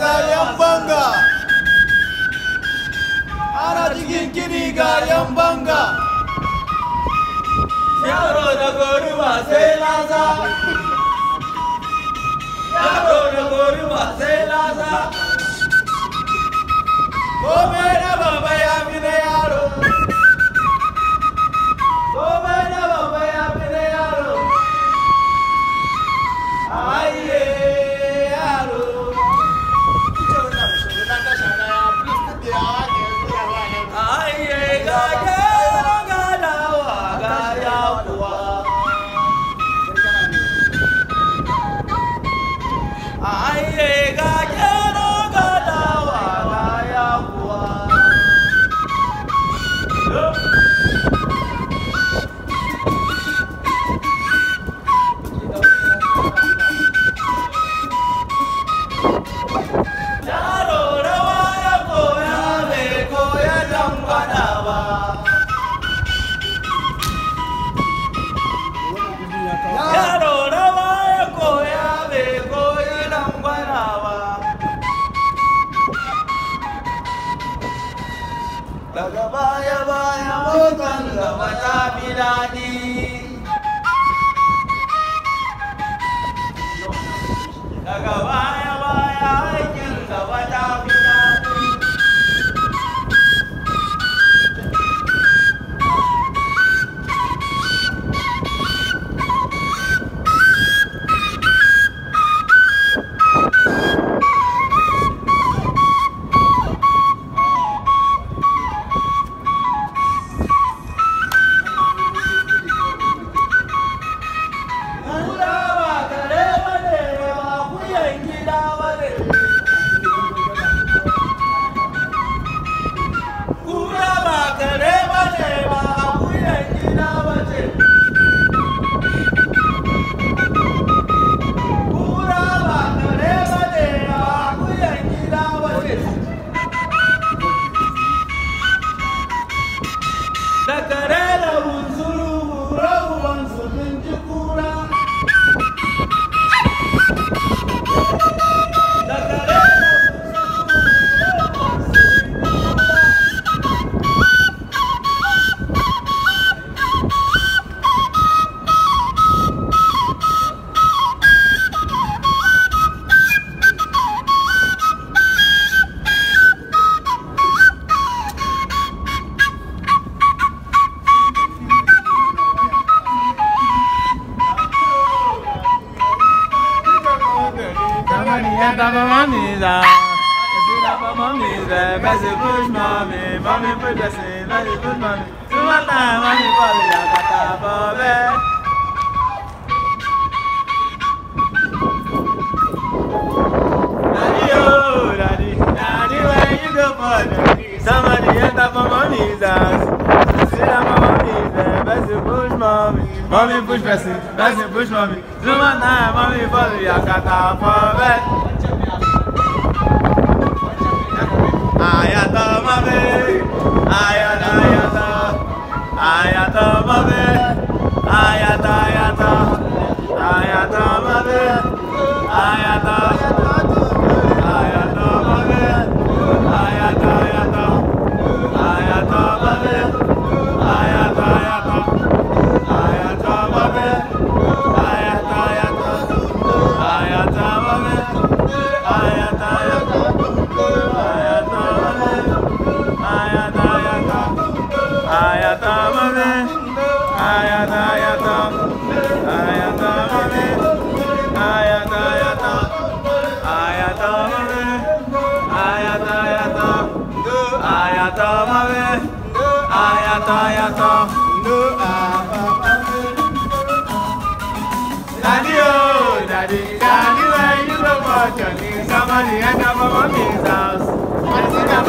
Gayambanga Arajigin kini Gayambanga Yaro da goruba sai laza Yaro da goruba sai laza Kome da baba ya sabila di cara. papa, mommy's out. Mommy, the best is push mommy, mommy put the same, best is push mommy. Two more time, mommy, fall in love, papa, baby. mommy, mommy push person, person push mommy. Zoom on nine, mommy follow got, kata for bed. Ayata mommy, ayata ayata, ayata mommy, ayata ayata, ayata. Daddy, oh, daddy, daddy, Dàdí you dàdí, dàdí wẹ̀ yúrò mọ̀ jọ̀ ní sọ́mọ́nì ẹ̀ka mọ́mọ́ mi house.